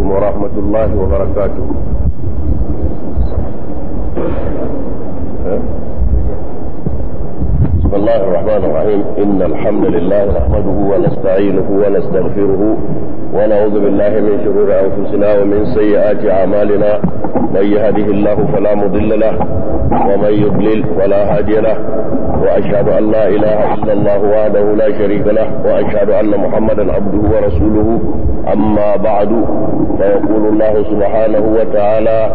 عليكم ورحمة الله وبركاته بسم الله الرحمن الرحيم إن الحمد لله نحمده ونستعينه ونستغفره ونعوذ بالله من شرور أنفسنا ومن سيئات أعمالنا من يهده الله فلا مضل له ومن يضلل فلا هادي له وأشهد أن لا إله إلا الله وحده لا شريك له وأشهد أن محمدا عبده ورسوله أما بعد فيقول الله سبحانه وتعالى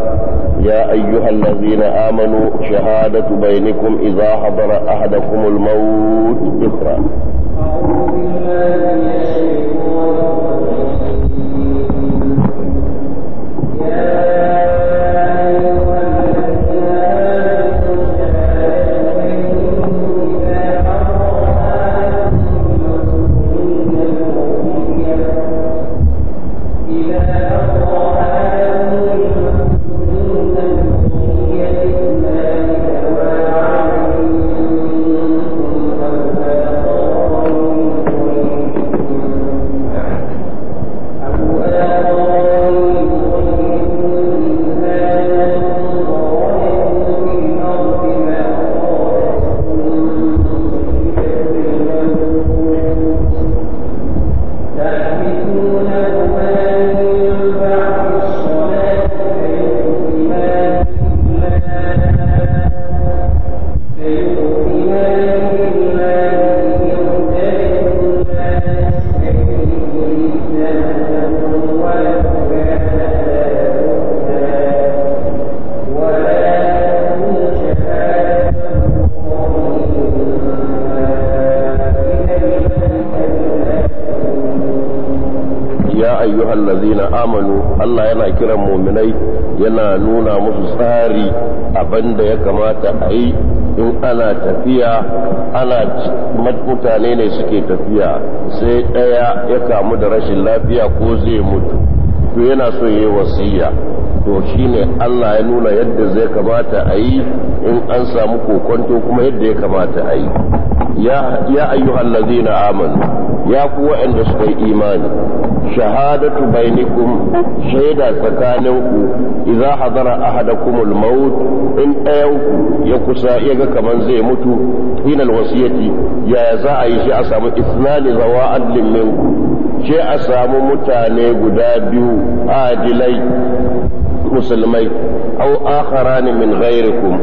يا أيها الذين آمنوا شهادة بينكم إذا حضر أحدكم الموت أخرى أعوذ بالله من الشيطان ဝ ayyuhan lazina amanu Allah yana kiran mu'minai yana nuna musu tsari abinda ya kamata a yi in ana tafiya ana mutane ne suke tafiya sai ɗaya ya kamu da rashin lafiya ko zai mutu to yana so yi wasiya to shine Allah ya nuna yadda zai kamata a yi in an samu kokonto kuma yadda ya kamata a yi ya ayyuhallazina amanu ya kuwa waɗanda suka yi imani shahadatu bainikum shaida tsakaninku idza hadara ahadakumul maut in ɗayanku ya kusa ya ga kaman zai mutu hinal wasiyati ya za a yi shi a samu isnani zawa adlin minku ce a samu mutane guda biyu adilai musulmai au akharani min ghairikum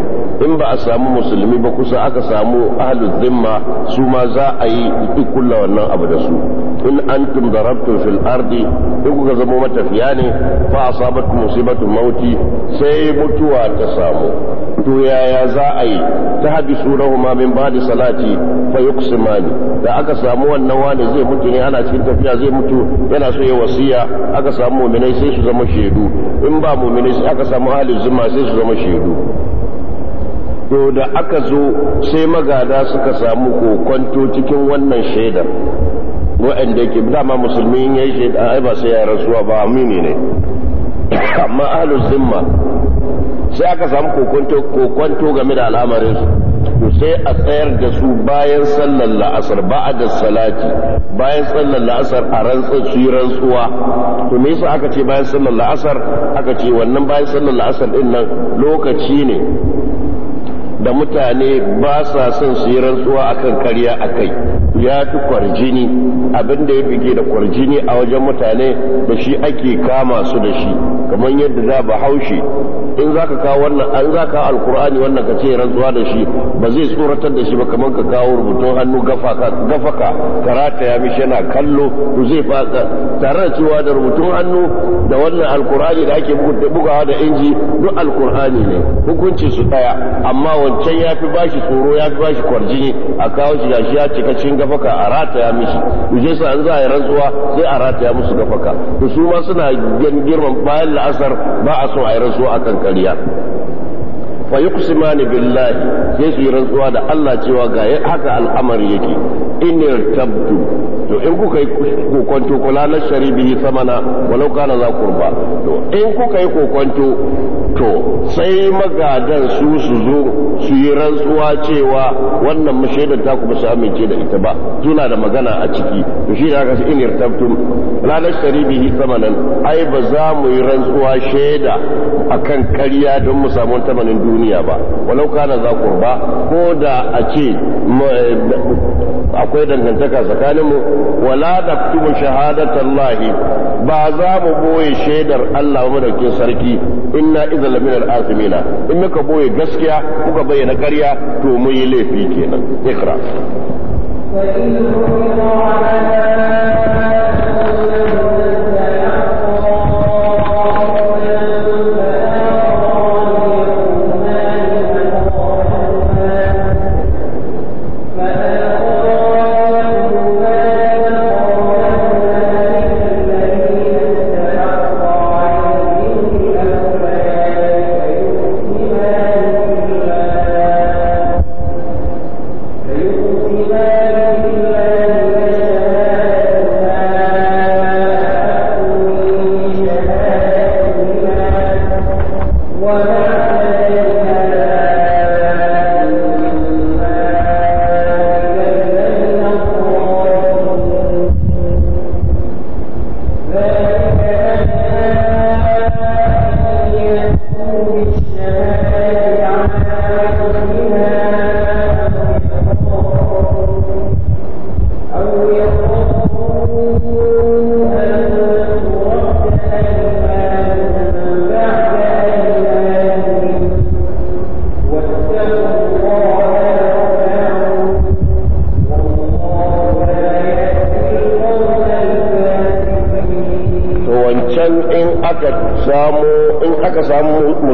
in ba a samu musulmi ba kusa aka samu ahlul zimma su ma za a yi duk wannan abu da su in antum darabtum fil ardi in kuka zama matafiya ne fa asabatkum musibatu mauti sai mutuwa ta samu to yaya za a yi ta habisu rahuma min ba'di salati fa yuqsimani da aka samu wannan wani zai mutu ne ana cikin tafiya zai mutu yana so ya wasiya aka samu mu'minai sai su zama shaidu in ba mu'minai sai aka samu ahli zuma sai su zama shaidu to da aka zo sai magada suka samu kokonto cikin wannan shaidar wa'anda yake dama musulmi ya yi shaidan ai ba sai ya rasuwa ba amini ne amma ahlul zimma sai aka samu kokonto game da al'amarin su to sai a tsayar da su bayan sallar la'asar ba da salati bayan sallar la'asar a rantsa su yi rantsuwa to me yasa aka ce bayan sallar la'asar aka ce wannan bayan sallar la'asar din nan lokaci ne da mutane ba sa son su yi rantsuwa akan karya akai ya fi kwarjini abinda ya fike da kwarjini a wajen mutane da shi ake kama su da shi kamar yadda za ba haushe in za ka kawo wannan an za ka alkur'ani wannan ka ce rantsuwa da shi ba zai tsoratar da shi ba kamar ka kawo rubutun hannu ka karata ya mishi yana kallo to zai fasa tare da cewa da rubutun hannu da wannan alkur'ani da ake bugawa da inji duk alkur'ani ne hukunci su daya amma wancan ya fi bashi tsoro ya fi bashi kwarjini a kawo shi gashi ya cika cikin gafaka a rataya mishi to je sa an za a yi rantsuwa sai a rataya musu gafa ka to su ma suna girman bayan la'asar ba a so a yi rantsuwa akan ƙarya fa yuqsimani billahi sai su yi rantsuwa da Allah cewa ga haka al'amari yake inir tabdu to in kuka yi kokonto kula na sharibi samana walau kana za kurba to in kuka yi kokonto to sai magadan su su zo su yi rantsuwa cewa wannan mashaidar ta ku ba su amince da ita ba suna da magana a ciki to shi da aka sai inir tabdu la nashtari bihi thamanan ai ba za mu yi rantsuwa shaida akan karya don mu samu tamanin duniya ba walau kana za ba ko da a ce eh, akwai dangantaka tsakanin mu wala naktumu shahadatallahi ba za mu boye shaidar Allah madaukin sarki inna idza lamina al-asimina in muka boye gaskiya muka bayyana karya to mu yi laifi kenan ikra فإن على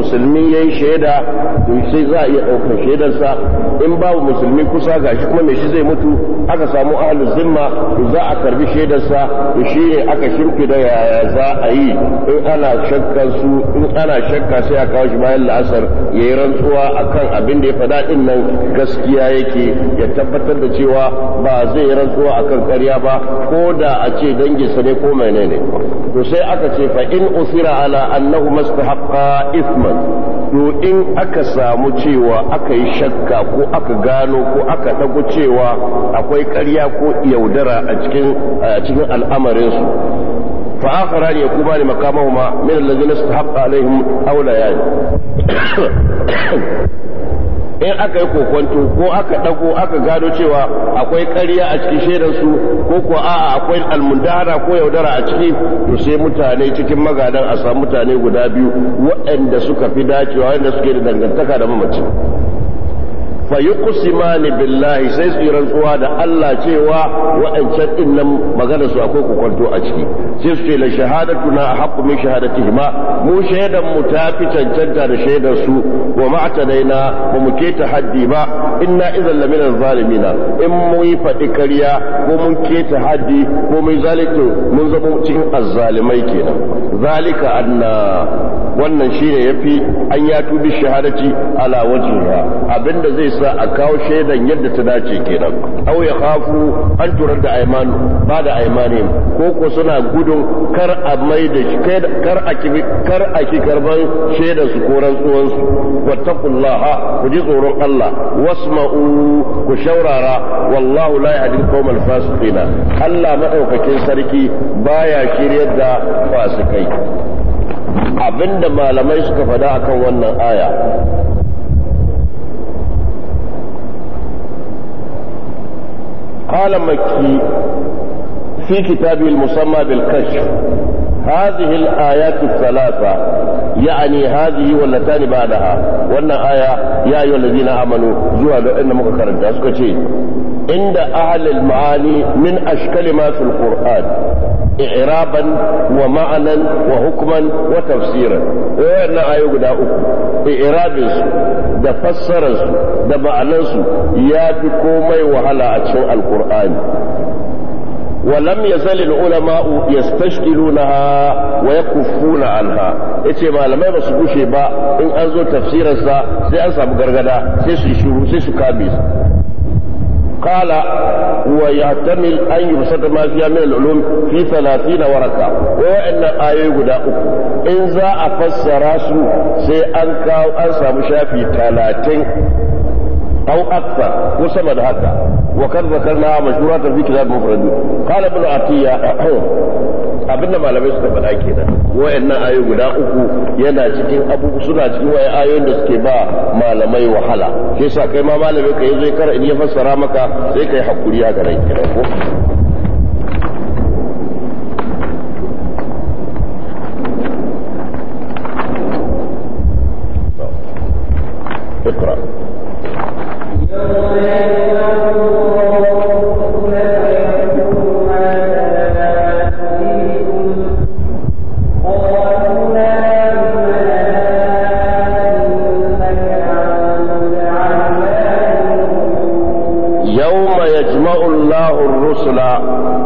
musulmi yayi shaida to sai za a iya ɗaukar shaidarsa in babu musulmi kusa ga shi kuma me shi zai mutu aka samu ahalin zimma to za a karbi shaidarsa to shi ne aka shirki da yaya za a yi in ana shakka su in ana shakka sai a kawo shi bayan la'asar yayi rantsuwa akan abin da ya faɗa din nan gaskiya yake ya tabbatar da cewa ba zai yi rantsuwa akan ƙarya ba ko da a ce danginsa ne ko menene ne to sai aka ce fa in usira ala annahu mustahaqqa ithman to in aka samu cewa aka yi shakka ko aka gano ko aka dago cewa akwai ƙarya ko yaudara a cikin cikin al'amarin su fa akhara ne kuma ne makamahuma min allazina istahaqqa alaihim awla yani in aka yi kokwanto ko aka dago aka gado cewa akwai ƙarya a cikin shaidar su ko ko a'a akwai almundara ko yaudara a ciki to sai mutane cikin magadan a samu mutane guda biyu waɗanda suka fi dacewa waɗanda suke da dangantaka da mamaci fa yuqsimani billahi sai su rantsuwa da Allah cewa wa'ancan din maganarsu magana su akwai kokonto a ciki sai su ce la shahadatuna haqqu min shahadatihima mu shaidan mu ta fi cancanta da shaidar su wa ma atadaina ba mu haddi ba inna idan la min zalimina in mu yi fadi kariya ko mun ta haddi ko mun zalito mun zama cikin azzalimai kenan zalika anna wannan shi ne ya fi an ya tubi shahadaci ala wajhiha abinda zai sa a kawo shaidan yadda ta dace kenan au ya khafu an turar da aimanu ba da aymani ko ko suna gudun kar a mai da kar a kar a ki karban shaidan su ko rantsuwan su wattaqullaha ku ji tsoron Allah wasma'u ku shaurara wallahu la qawmal fasiqina Allah madaukakin sarki baya shiryar da fasikai abinda malamai suka fada akan wannan aya قال مكي في كتابه المسمى بالكشف هذه الآيات الثلاثة يعني هذه واللتان بعدها وأن آية يا أيها الذين آمنوا إنما لأن مكة شيء inda ahalil ma'ani min ashkali ma fil qur'an i'raban wa ma'anan wa hukman wa tafsiran wayannan ayo guda uku i'rabin da fassarar da ma'anan su yafi komai wahala a cikin alkur'ani. ya alqur'ani ولم يزل العلماء يستشكلونها ويكفون عنها yace malamai ba su gushe ba in an zo tafsirarsa sai an samu gargada sai su shiru sai su kame su قال ويعتمل أن يبسط ما فيها من العلوم في ثلاثين ورقة وإن آية قد إن ذا أفسر راسه سيأنكا وأنسى مشافي ثلاثين أو أكثر وسمد هكذا وقد ذكرنا مشهورات في كتاب مفرد قال ابن عطية abinda malamai suka faɗa kenan wa'annan ayo guda uku yana cikin abubu suna cikin waye ayoyin da suke ba malamai wahala ke sa kai ma malamai ka zai kar in ya fassara maka sai kai hakuri haka nan kenan ko اقرأ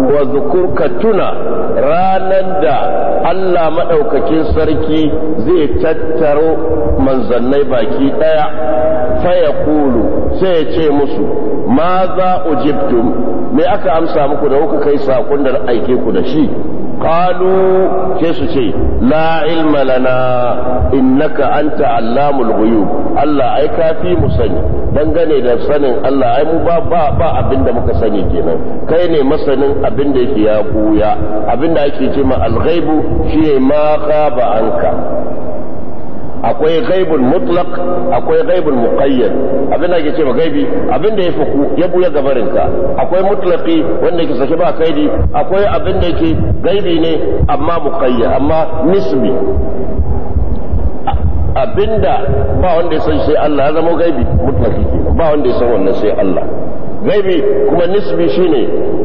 wa zukur ka tuna ranar da Allah maɗaukakin sarki zai tattaro manzannai baki ɗaya faya kulu sai ya ce musu ma za ujibtum me aka amsa muku da kuka kai saƙon da aike ku da shi قالوا su ce علم لنا إنك أنت علام الغيوب Allah أي mu مسني dangane da sanin Allah ai mu ba ba ba abinda muka sani kenan kai ne masanin abinda yake ya buya abinda ake ce ma al-ghaibu shi ma khaba anka akwai ghaibul mutlaq akwai ghaibul muqayyad abinda da yake cewa gaibi abin da ya fuku ya buya gabarin ka akwai mutlaqi wanda yake sake ba kaidi akwai abinda yake gaibi ne amma muqayyad amma nisbi abinda ba wanda ya san sai Allah ya zama gaibi mutlaki kenan ba wanda ya san wannan sai Allah gaibi kuma nisbi shine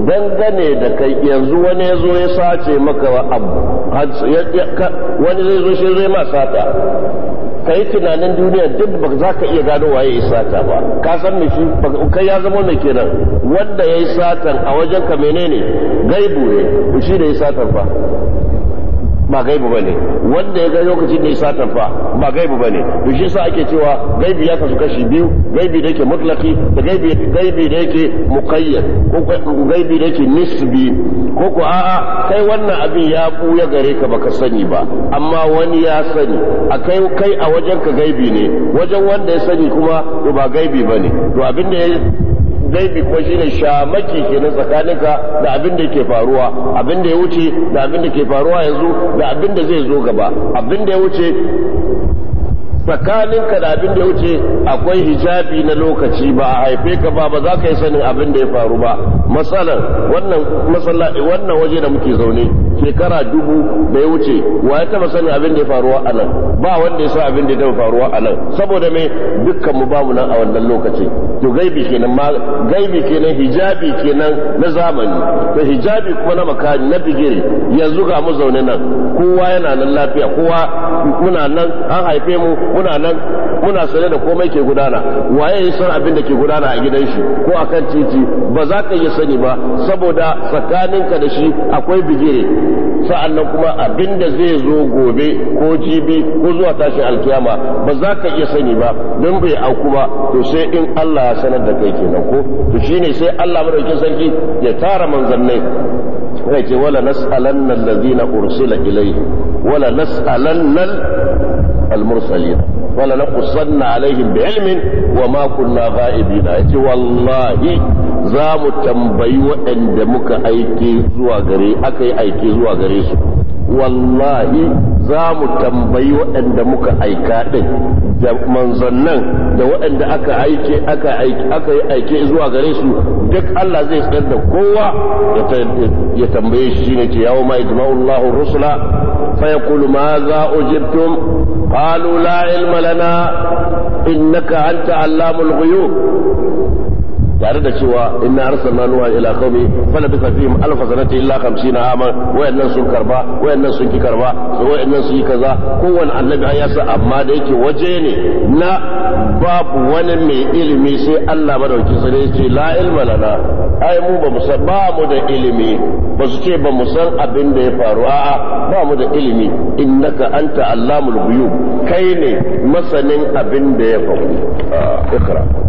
dangane da kai yanzu wani ya zo ya sace maka abu wani zai zo shi zai ma sata kai tunanin duniya duk ba za ka iya gano waye ya sata ba ka san me shi kai ya zama mai kenan wanda ya yi satan a wajen ka menene gaibu ne shi da ya satar fa ba gaibu ne wanda ya ga lokacin da ya satan fa ba gaibu ne, to shi sa ake cewa gaibi ya kasu kashi biyu gaibi da yake mutlaki da gaibi da yake muqayyad ko gaibi da yake nisbi ko ko a'a kai wannan abin ya buya gare ka baka sani ba amma wani ya sani akai kai a wajen ka gaibi ne wajen wanda ya sani kuma to ba gaibi ba to ya gaibi kuma shine shamaki kenan tsakaninka da abin da yake faruwa abin da ya wuce da abin da ke faruwa yanzu da abin da zai zo gaba abin da ya wuce tsakaninka da abin da ya wuce akwai hijabi na lokaci ba a haife ka ba ba za ka yi sanin abin da ya faru ba matsalar wannan waje da muke zaune shekara dubu da ya wuce wa ya taba sanin abin da ya faruwa a nan ba wanda ya san abin da ya taba faruwa a nan saboda me dukkan mu bamu nan a wannan lokaci to gaibi kenan ma gaibi kenan hijabi kenan na zamani to hijabi kuma na makani na bigiri yanzu ga mu zaune nan kowa yana nan lafiya kowa muna nan an haife mu muna nan muna sane da komai ke gudana waye ya san abin da ke gudana a gidan shi ko akan titi ba za ka iya sani ba saboda tsakaninka da shi akwai bigire sa'annan kuma abin da zai zo gobe ko jibi ko zuwa tashin alkiyama ba za ka iya sani ba don bai auku ba to sai in Allah ya sanar da kai kenan ko to shine sai Allah madaukin sarki ya tara manzannai kai ce wala nas'alanna allazina ursila ilaihim wala nas'alanna al wala naqussanna alaihim bi ilmin wa ma kunna ghaibina yace wallahi za mu tambayi waɗanda muka aike zuwa gare aka yi aike zuwa gare su wallahi za mu tambayi waɗanda muka aika ɗin da manzannan da waɗanda aka aike aka yi aike zuwa gare su duk Allah zai tsar da kowa ya tambaye shi shine ce yawo ma ijma'ullahu rusula fa yaqulu ma za ujibtum qalu la ilma lana innaka anta allamul ghuyub tare da cewa inna arsalna nuha ila qaumi falabitha fihim alf sanati illa wayannan sun karba wayannan sun ki karba wayannan sun yi kaza kowane annabi ya sa amma da yake waje ne na babu wani mai ilimi sai Allah madauki yace la ilma lana ai mu ba mu san ba mu da ilimi ba su ce ba mu san abin da ya faru a'a ba mu da ilimi innaka anta allamul ghuyub kai ne masanin abin da ya faru ah, ikra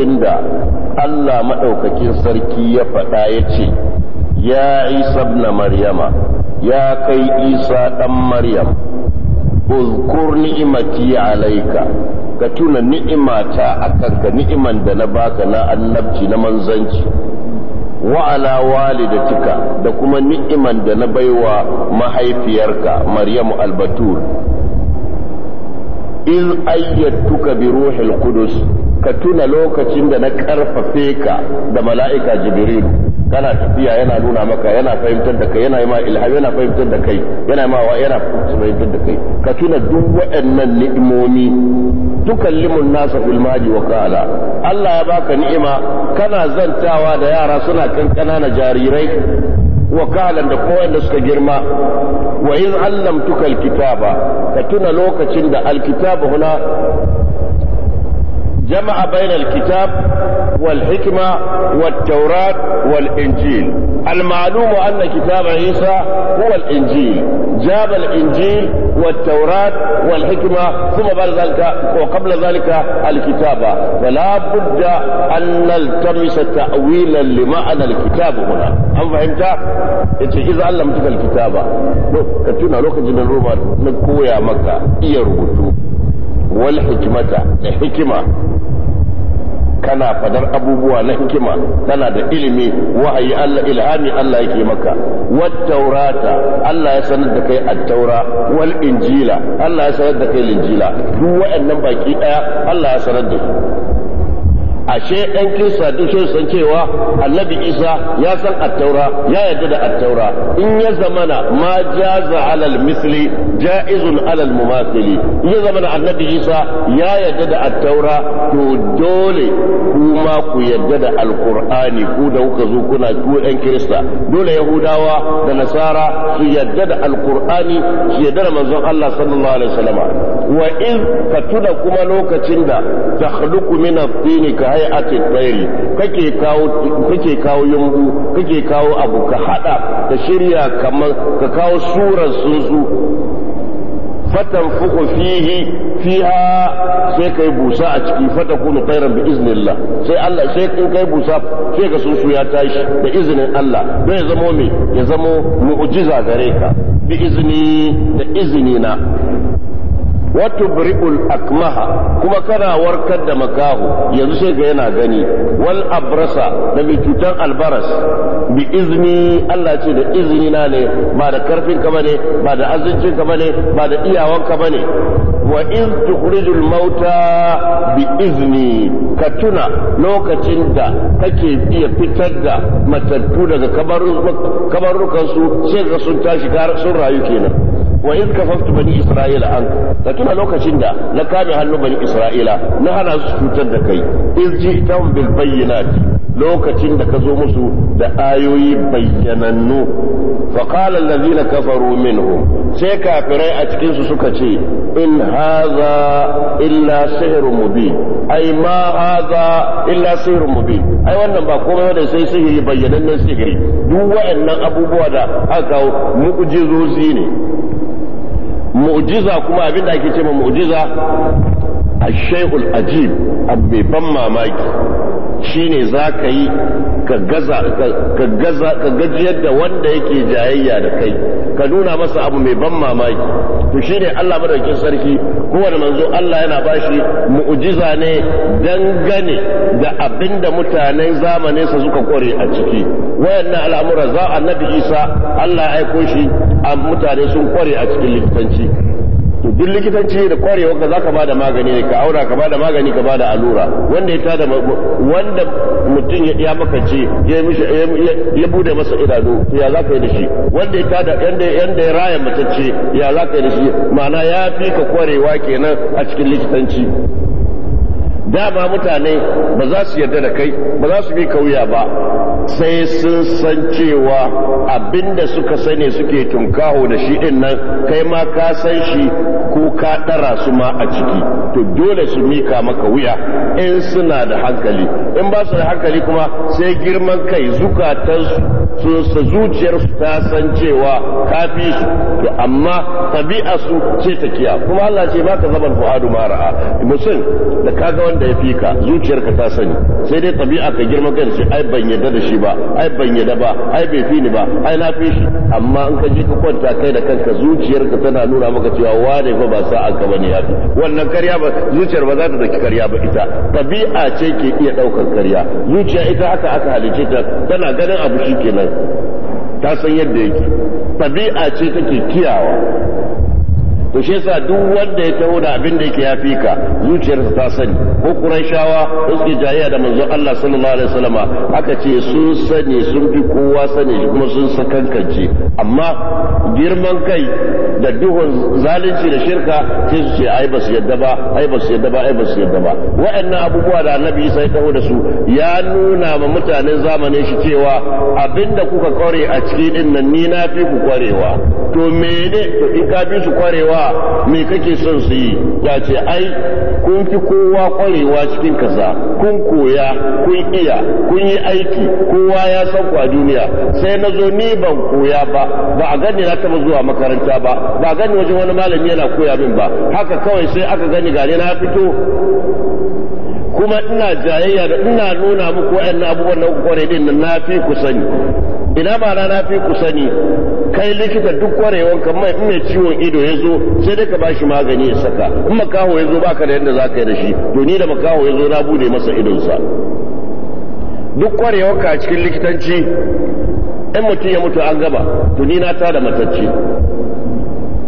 lokacin da Allah maɗaukakin sarki ya faɗa ya ce ya isa na maryama ya kai isa ɗan maryam uzkur ni'imati alaika ka tuna ni'imata a kanka ni'iman da na baka na annabci na manzanci wa ala walidatika da kuma ni'iman da na baiwa mahaifiyarka maryamu albatur iz ayyatuka bi ruhil qudus ka tuna lokacin da na karfafe ka da mala'ika jibril kana tafiya yana nuna maka yana fahimtar da kai yana yi ma ilhami yana fahimtar da kai yana yi ma wa yana fahimtar da kai ka tuna duk waɗannan ni'imomi dukan limun nasa filmaji wa kala Allah ya baka ni'ima kana zantawa da yara suna kankana na jarirai wakalan da kowanne suka girma wa in allamtuka alkitaba ka tuna lokacin da alkitaba huna جمع بين الكتاب والحكمة والتوراة والإنجيل المعلوم أن كتاب عيسى هو الإنجيل جاب الإنجيل والتوراة والحكمة ثم بعد ذلك وقبل ذلك الكتابة فلا بد أن نلتمس تأويلا لمعنى الكتاب هنا أم فهمت؟ إذا علمتك الكتابة كتنا لوكجن الرومان نكويا مكة إيه والحكمة الحكمة kana fadar abubuwa na hikima kana da ilimi wahayi Allah ilhami Allah yake maka wat taurata Allah ya sanar da kai at-taura wal injila Allah ya sanar da kai injila duk waɗannan baki daya Allah ya sanar da su ashe ɗan kirista duk shi san cewa annabi isa ya san attaura ya yarda da attaura in ya zamana ma jaza alal misli ja'izun alal mumathili in ya zamana annabi isa ya yarda da attaura to dole kuma ku yarda da alqur'ani ku da kuka zo kuna ku ɗan kirista dole yahudawa da nasara su yarda da alqur'ani su yarda da manzon Allah sallallahu alaihi wasallam wa in ka tuna kuma lokacin da takhluqu min at ka hay'ati tsairi kake kawo kake kawo yungu kake kawo abu ka hada ka shirya kamar ka kawo surar sunsu fatan fuku fihi fiha sai kai busa a ciki fata kunu khairan bi iznillah sai Allah sai kin kai busa sai ka sunsu ya tashi da izinin Allah don ya zamo me ya zamo mu'jiza gare ka bi izni da izini na wato bri'ul akmaha kuma kana warkar da makaho yanzu sai ga yana gani wal abrasa da mai cutar albaras bi izini Allah ce da izini na ne ba da karfin ka bane ba da azincin ka bane ba da iyawan ka bane wa iz tukhrijul mauta bi izini ka tuna lokacin da kake iya fitar da matattu daga kabarukan su sai ga sun tashi sun rayu kenan wa iz kafastu bani isra'ila an ka tuna lokacin da na kame hannu bani isra'ila na hana su cutar da kai ji ji'tahum bil bayyinati lokacin da ka zo musu da ayoyi bayyanannu fa qala allazina kafaru minhum sai kafirai a cikin su suka ce in haza illa sihrun mubin ai ma haza illa sihrun mubin ai wannan ba komai wanda sai sihiri bayyanannen sihiri duk waɗannan abubuwa da aka mu'jizozi ne mu'jiza kuma abin da ake ce ma mu'jiza a shay'ul ajib abbi ban mamaki Shi ne za ka yi ka gajiyar da wanda yake jayayya da kai ka nuna masa abu mai ban mamaki to shi ne Allah madaukin sarki kowane manzo Allah yana bashi mu'ujiza ne dangane da abin da mutanen zamanin sa suka kware a ciki wayannan al'amura za annabi Isa Allah ya aiko shi a mutane sun kware a cikin likitanci to duk likitanci da kwarewa ka zaka bada magani ka aura ka bada magani ka bada allura wanda ya tada wanda mutum ya ce ya mishi ya bude masa idanu ya zaka yi da shi wanda ya tada yanda yanda ya raya matacce ya zaka yi da shi ma'ana ya fi ka kwarewa kenan a cikin likitanci dama mutane ba za su yarda da kai ba za su bi kauya ba sai sun san cewa abinda suka sani suke tunkaho da shi din nan kai ma ka san shi ko ka ɗara su ma a ciki to dole su mika maka wuya in suna da hankali in ba su da hankali kuma sai girman kai zukatansu su su zuciyarsu ta san cewa kafi su to amma tabi'a su ce ta kiya kuma Allah ce ba ka zaman fu'adu mara'a musul da kaga wanda ya fika zuciyarka ta sani sai dai tabi'a ka girman kai ce ai ban yadda da shi ba ai ban yadda ba ai bai fi ni ba ai na fi shi amma in ka je ka kwanta kai da kanka zuciyarka tana nuna maka cewa wane fa ba sa an ka bane ya fi wannan karya ba zuciyar ba za ta daki karya ba ita tabi'a ce ke iya daukar karya zuciya ita aka aka halice ta tana ganin abu shi kenan ta san yadda yake tabi'a ce take kiyawa to shi yasa duk wanda ya taho da abin da yake ya ka zuciyarsa ta sani ko Qurayshawa da suke jayayya da manzon Allah sallallahu alaihi wasallama aka ce sun sani sun fi kowa sani kuma sun sakankance amma girman kai da duhun zalunci da shirka sai su ce ai ba su yadda ba ai ba su yadda ba ai ba su yadda ba waɗannan abubuwa da Annabi Isa ya taho da su ya nuna ma mutanen zamanin shi cewa abinda kuka kware a cikin din nan ni na fi ku kwarewa to mene to in ka fi su kwarewa me kake son su yi ya ce ai kun fi kowa kwarewa cikin kaza kun koya kun iya kun yi aiki kowa ya san ku a duniya sai na zo ni ban koya ba ba a gani na taba zuwa makaranta ba ba a gani wajen wani malami yana koya min ba haka kawai sai aka gani gare na fito kuma ina jayayya da ina nuna muku wa'annan abubuwan na kwarai din na fi ku sani ina ba na fi ku sani kai likita duk kwarewan kan mai in ciwon ido ya zo sai dai ka ba shi magani ya saka in makaho ya zo baka da yadda za ka yi da shi to ni da makaho ya zo na bude masa idonsa duk kwarewan ka cikin likitanci in mutum ya mutu an gaba to ni na tada matacce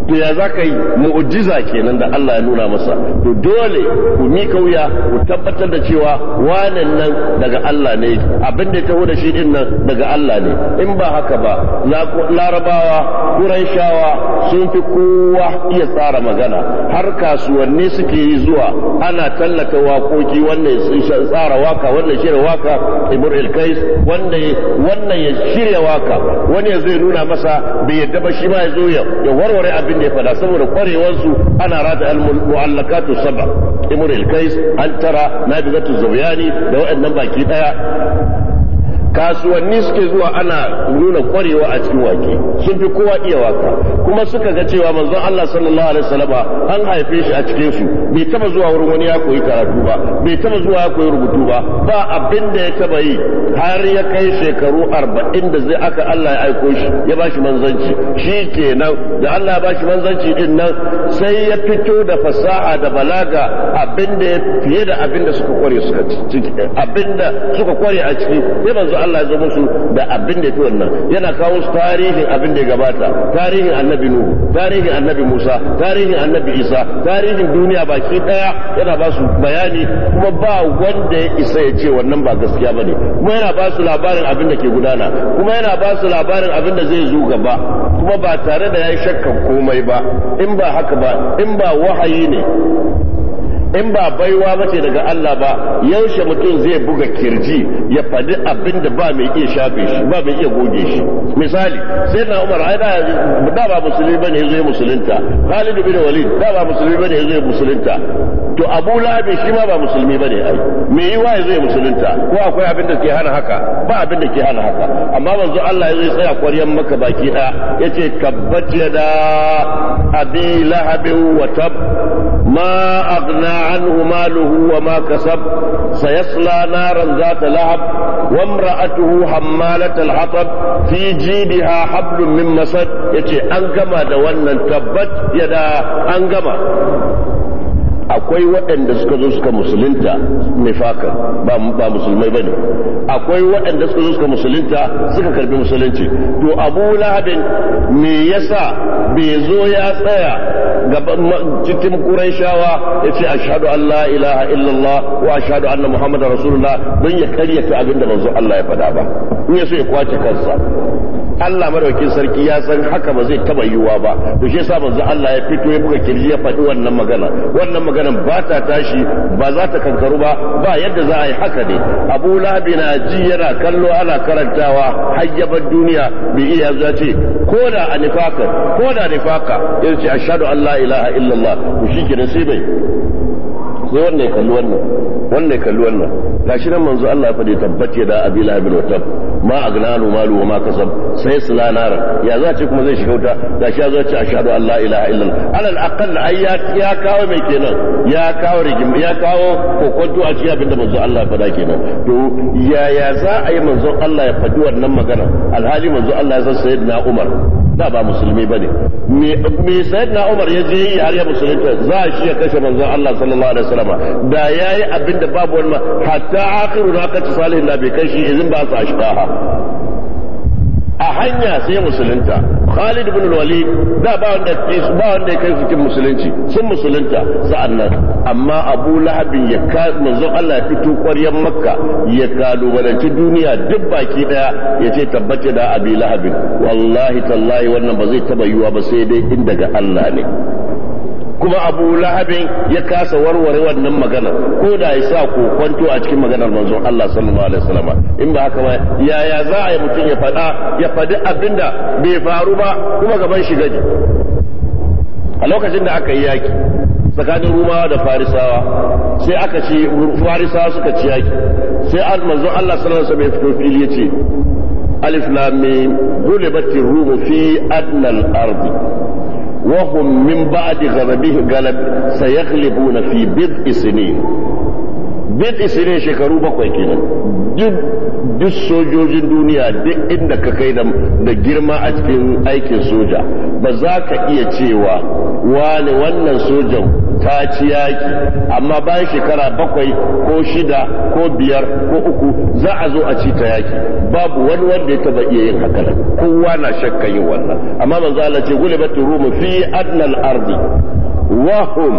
to ya za ka yi mu'ujiza kenan da Allah ya nuna masa to dole ku mi kauya ku tabbatar da cewa wanan nan daga Allah ne abin da ya taho da shi din nan daga Allah ne in ba haka ba larabawa kuraishawa sun fi kowa iya tsara magana har kasuwanni suke yi zuwa ana tallata wakoki wannan ya tsara waka wannan shirya waka ibn ilkais wannan ya shirya waka wani zai nuna masa bai yadda ba shi ma ya zo ya warware abin ne ya fada saboda kwarewarsu ana rata al-mu'allakatu sab'a imrul kais antara nabizatu zubyani da wa'annan baki daya kasuwanni suke zuwa ana nuna kwarewa a cikin wake sun fi kowa iya waka kuma suka ga cewa manzon Allah sallallahu alaihi wasallam an haife shi a cikin su bai taba zuwa wurin wani ya koyi karatu ba bai taba zuwa ya koyi rubutu ba ba abin da ya taba yi har ya kai shekaru 40 da zai aka Allah ya aiko shi ya bashi manzanci shi kenan da Allah ya bashi manzanci din nan sai ya fito da fasaha da balaga abin da fiye da abin da suka kware suka abin da suka kware a ciki sai manzo Allah ya zo musu da abin da fi wannan yana kawo tarihin abin da ya gabata tarihin annabi nuhu tarihin annabi musa tarihin annabi isa tarihin duniya baki daya yana ba su bayani kuma ba wanda ya isa ya ce wannan ba gaskiya ba ne kuma yana ba su labarin abin da ke gudana kuma yana ba su labarin abin da zai zo gaba kuma ba tare da ya shakka komai ba in ba haka ba in ba wahayi ne in ba baiwa ce daga Allah ba yaushe mutum zai buga kirji ya faɗi abin da ba mai iya shafe shi ba mai iya goge shi misali sai na Umar ai da ba musulmi bane yazo ya musulunta Khalid bin Walid da ba musulmi bane yazo ya musulunta to Abu Labi shi ma ba musulmi bane ai me wa yazo ya musulunta ko akwai abin da ke hana haka ba abin da ke hana haka amma manzo Allah yazo ya tsaya kwaryan maka baki da yace kabbat da abi lahabin wa tab ma aghna عنه ماله وما كسب سيصلى نارا ذات لهب وامرأته حمالة الحطب في جيدها حبل من مسد يتي أنقما دوانا تبت يدا أنقما akwai waɗanda suka zo suka musulunta nifaka ba ba musulmai bane akwai waɗanda suka zo suka musulunta suka karbi musulunci to Abu Lahabin me yasa bai zo ya tsaya gaban cikin shawa ya ce a shaɗu Allah ilaha illallah wa shaɗu anna muhammadu rasulullah don ya karyata abin da manzo Allah ya faɗa ba in ya so ya kwace kansa Allah madaukin sarki ya san haka ba zai taba yiwuwa ba to shi yasa manzo Allah ya fito ya buga kirji ya faɗi wannan magana wannan magana ba ta tashi ba za ta kankaru ba ba yadda za a yi haka ne Abu Labi na ji yana kallo ana karantawa hayyaban duniya bi iya ya ce ko da a nifaka ko da nifaka yace ashhadu an la ilaha illallah to shi sai bai wai wanda ya kalli wannan wanda ya kalli wannan gashi nan manzo Allah ya fadi tabbace da abila bin watab ma agnanu malu wa ma kasab sai sila nara ya za ce kuma zai shiga wuta gashi ya zo ce ashhadu an la ilaha illallah alal aqall ai ya kawo mai kenan ya kawo rigim ya kawo kokonto a cikin abinda manzo Allah ya fada kenan to ya ya za a yi manzo Allah ya fadi wannan magana alhali manzo Allah ya san sayyidina Umar da ba musulmi bane me sayyidina Umar ya je har ya musulunta za shi ya kashe manzon Allah sallallahu alaihi wasallam da yayi abinda babu wannan hatta akhiru na kace salihin da bai kai shi izin ba sa shi a hanya sai musulunta Khalid ibn Walid da ba wanda ba wanda ya kai cikin musulunci sun musulunta nan amma Abu Lahab ya ka manzo Allah ya fito ƙwaryar Makka ya kalubalanci duniya duk baki daya ya ce tabbace da Abi Lahab wallahi tallahi wannan ba zai taba yiwa ba sai dai inda ga Allah ne kuma abu lahabin ya kasa warware wannan magana ko da ya sa kwanto a cikin maganar manzon Allah sallallahu alaihi wasallam in ba haka ba yaya za a yi mutum ya fada ya faɗi abinda bai faru ba kuma gaban shi gaji a lokacin da aka yi yaki tsakanin rumawa da farisawa sai aka ce farisawa suka ci yaki sai manzon Allah sallallahu alaihi wasallam ya fito fili ya ce alif lam mim gulibatir rum fi adnal ardi وهم من بعد غلبه غلب سيغلبون في بضع سنين بضع سنين شكروا بقوي كده duk sojojin duniya duk inda ka kai da girma a cikin aikin soja ba za ka iya cewa wane wannan sojan ta ci yaki amma bayan shekara bakwai ko shida ko biyar ko uku za a zo a ci ta yaki babu wani wanda ya taba iya yin haka kowa na shakka yin wannan amma manzo Allah ce gulibatu rumu fi adnal ardi وهم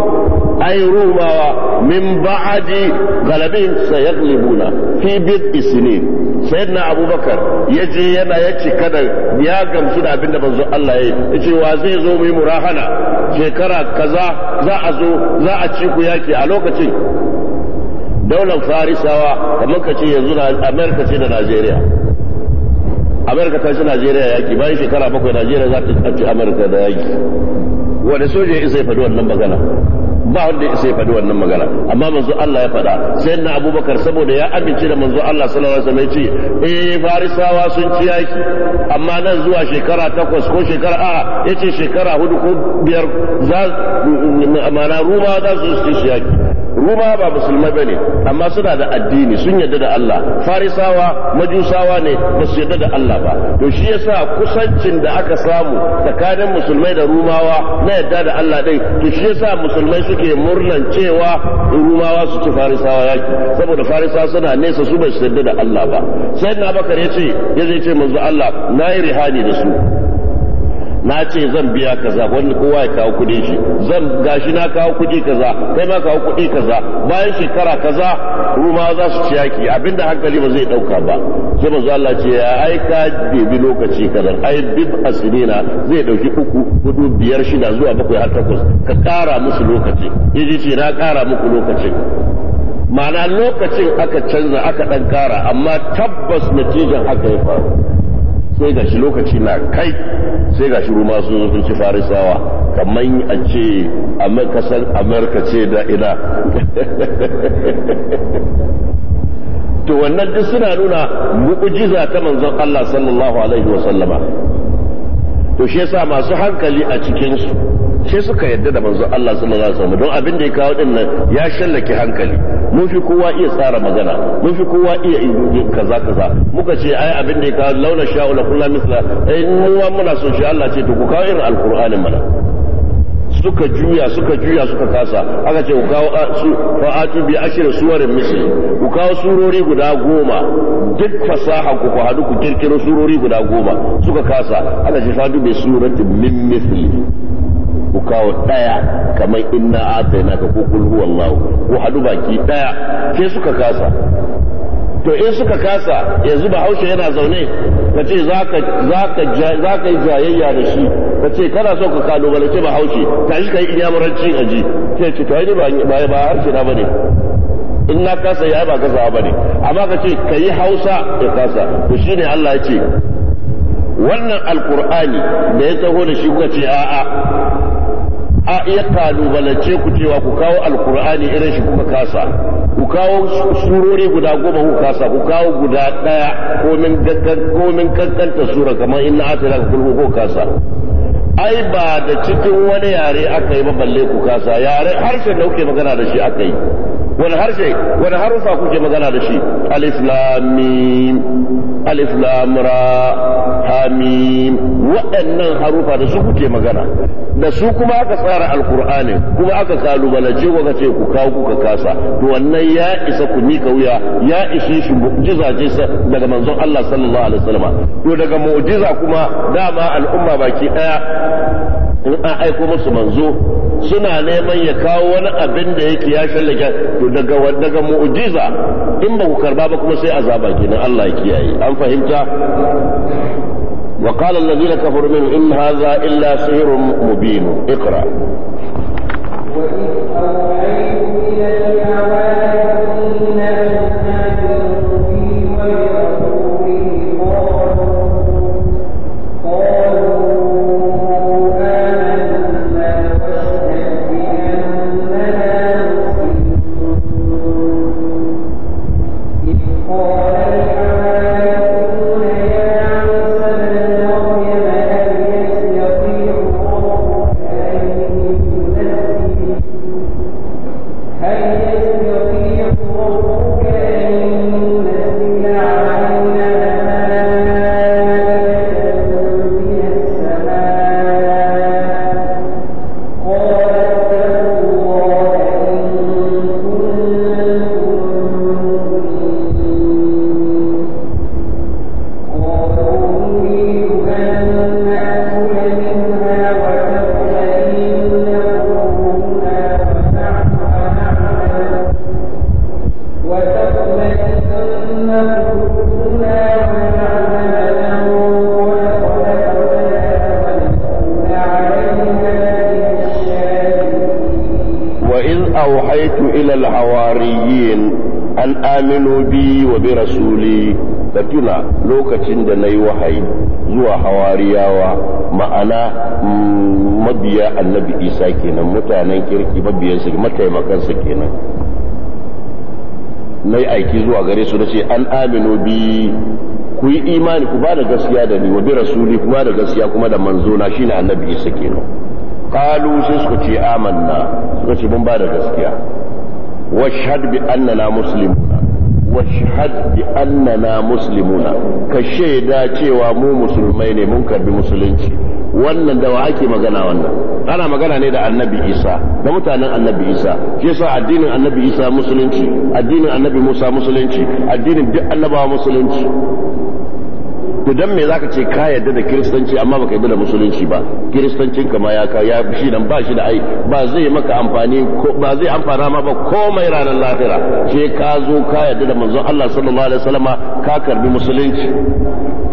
أي روماوة من بعد غلبهم سيغلبون في بضع سنين سيدنا أبو بكر يجي ينا يجي كذا يا gamsu da abinda da manzo Allah ya yi ce wa zai zo mu yi murahana shekara kaza za a zo za a ci ku yaki a lokacin daular farisawa kamar ka ce yanzu amerika ce da najeriya amerika ta ci najeriya yaki bayan shekara bakwai najeriya za ta ci amerika da yaki wanda soja ya isa ya faɗi wannan magana ba wanda ya isa ya faɗi wannan magana amma manzo Allah ya faɗa sai na abubakar saboda ya amince da manzo Allah sallallahu alaihi wasallam ya ce eh farisawa sun ci yaki amma nan zuwa shekara takwas ko shekara a'a yace shekara hudu ko biyar za ma'ana ruwa za su ci yaki ruma ba musulmai bane amma suna da addini sun yadda da Allah farisawa majusawa ne ba su yadda da Allah ba to shi yasa kusancin da aka samu tsakanin musulmai da rumawa na yadda da Allah dai to shi yasa musulmai suke murnan cewa rumawa su ci farisawa yaki saboda farisawa suna nesa su su yadda da Allah ba sai na bakar ya ce ya ce manzo Allah na yi rihani da su na ce zan biya kaza wani kowa ya kawo kudin shi zan gashi na kawo kudi kaza kai ma kawo kudi kaza bayan shekara kaza ruwa za su ci yaki abinda hankali ba zai dauka ba sai manzo Allah ce ya ai ka bibi lokaci kadan ai bib asrina zai dauki uku hudu biyar shida zuwa bakwai har takwas ka kara musu lokaci yaji ce na kara muku lokaci ma'ana lokacin aka canza aka dan kara amma tabbas natijan haka ya faru sai ga shi lokaci na kai sai ga shi ruma sun yi ci farisawa kamar a ce kasar amurka ce da ina to wannan duk suna nuna mu'ujiza ta manzon Allah sallallahu alaihi wa sallama to shi yasa masu hankali a cikinsu shi suka yadda da manzo Allah sallallahu alaihi wasallam don abin da ya kawo din nan ya shallake hankali mun fi kowa iya tsara magana mun fi kowa iya kaza kaza muka ce ai abin da ya kawo launa sha'ul kullu misla ai eh, mu muna so shi Allah ce to ku kawo irin alqur'anin mana suka juya suka juya suka kasa aka ce ku kawo atu bi ashir suwarin misli ku kawo surori guda goma duk fasaha ku ku hadu ku kirkiro surori guda goma suka kasa ana ce fa'atu bi suratin min misli ku kawo daya kamar inna atayna ka ko huwa Allah ko hadu baki daya ke suka kasa to in suka kasa yanzu ba haushe yana zaune ka ce za ka yi jayayya da shi ka ce kana so ka kado ba haushe ka shi ka yi inyamuranci a ji sai ce to ni ba harshe na bane in na kasa ya ba kasa bane amma ka ce ka yi hausa ya kasa to shine Allah ya ce wannan alkur'ani da ya taho da shi kuka ce a'a a iya kalubalance ku cewa ku kawo alkur'ani irin shi kuka kasa ku kawo surori guda goma kuka kasa ku kawo guda daya komin kankanta sura kamar inna atila ka kulhu ko kasa ai ba da cikin wani yare aka yi ba balle ku kasa yare sai da kuke magana da shi aka yi wani harshe wani harufa kuke magana da shi alislamin alif lam ra hamim waɗannan harufa da su kuke magana da su kuma aka tsara alkur'ani kuma aka kalubalace ko kace ku kawo kuka kasa to wannan ya isa ku mika wuya ya ishi shi mu'jiza daga manzon Allah sallallahu alaihi wasallam to daga mu'jiza kuma dama al'umma baki daya in an aiko musu manzo suna neman ya kawo wani abin da yake ya shallake to daga daga mu'jiza in ba ku karba ba kuma sai azaba kenan Allah ya kiyaye an fahimta wa qala alladhina kafaru min in hadha illa sihrun mubin iqra wa in da tuna lokacin da na yi wahayi zuwa hawariyawa ma'ana mm, mabiya annabi isa kenan mutanen kirki mabiyansa mataimakansa kenan na yi aiki zuwa gare su da ce an aminu bi ku yi imani ku ba da gaskiya da ni wa bi rasuli kuma da gaskiya kuma da manzona shine annabi isa kenan kalu sai suka ce amanna suka ce mun ba da gaskiya washhad bi annana muslim washhad bi annana muslimuna ka sheda cewa mu musulmai ne mun karbi musulunci wannan da wa ake magana wannan ana magana ne da annabi isa da mutanen annabi isa shi yasa addinin annabi isa musulunci addinin annabi musa musulunci addinin duk annabawa musulunci to dan me zaka ce ka yarda da kiristanci amma baka yadda da musulunci ba kiristanci ka ma ya ka ya shi nan ba shi da ai ba zai maka amfani ba zai amfana ma ba komai ranar lafira ce ka zo ka yarda da manzon Allah sallallahu alaihi wasallama ka karbi musulunci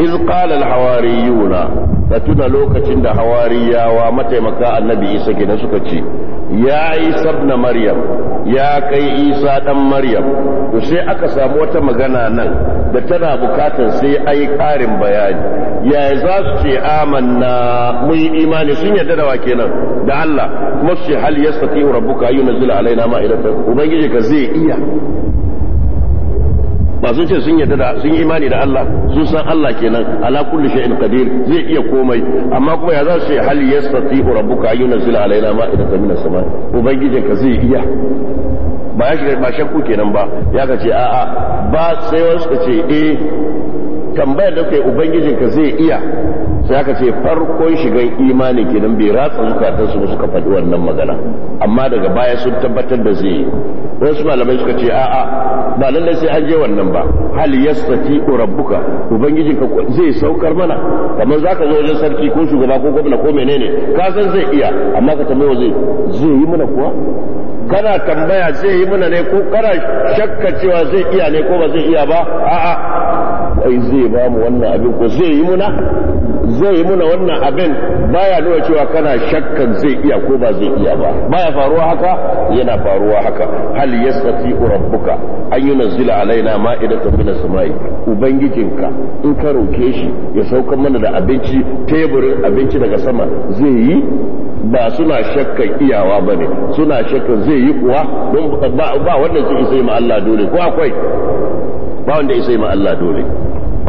iz qala al hawariyuna ka tuna lokacin da hawariyawa mataimaka annabi Isa kenan suka ce ya yi sabna maryam ya kai isa dan maryam to sai aka samu wata magana nan da tana bukatar sai ai karin bayani ya za su ce amanna mun yi imani sun yarda da wake nan da Allah kuma su ce hal yastati rabbuka yunzila alaina ma'idatan ubangiji ka zai iya ba sun ce sun yadda sun yi imani da Allah sun san Allah kenan ala kulli shay'in qadir zai iya komai amma kuma ya za su hal yastati rabbuka ayyunzila alaina ma'idatan minas sama ka zai iya ba ya shiga ba shakku kenan ba ya ka ce a'a ba sai wasu ka ce eh tambayar da kai ka zai iya sai aka ce farkon shigan imani kenan bai ratsa zukatansu su suka faɗi wannan magana amma daga baya sun tabbatar da zai wasu malamai suka ce a'a ba lallai sai an je wannan ba hal yastati rabbuka ubangijin ka zai saukar mana kamar zaka zo wajen sarki ko shugaba ko gwamna ko menene ka san zai iya amma ka tambaye zai zai yi mana kuwa kana tambaya zai yi mana ne ko kana shakka cewa zai iya ne ko ba zai iya ba a'a ai zai ba mu wannan abin ko zai yi muna zai yi muna wannan abin baya nuna cewa kana shakkan zai iya ko ba zai iya ba baya faruwa haka yana faruwa haka hal yastati rabbuka an yi yunzila alaina ma'idatan min as-sama'i ubangijinka in ka roke shi ya sauka mana da abinci teburin abinci daga sama zai yi ba suna shakkan iyawa bane suna shakkan zai yi kuwa ba wanda zai isa ma Allah dole ko akwai ba wanda isa ma Allah dole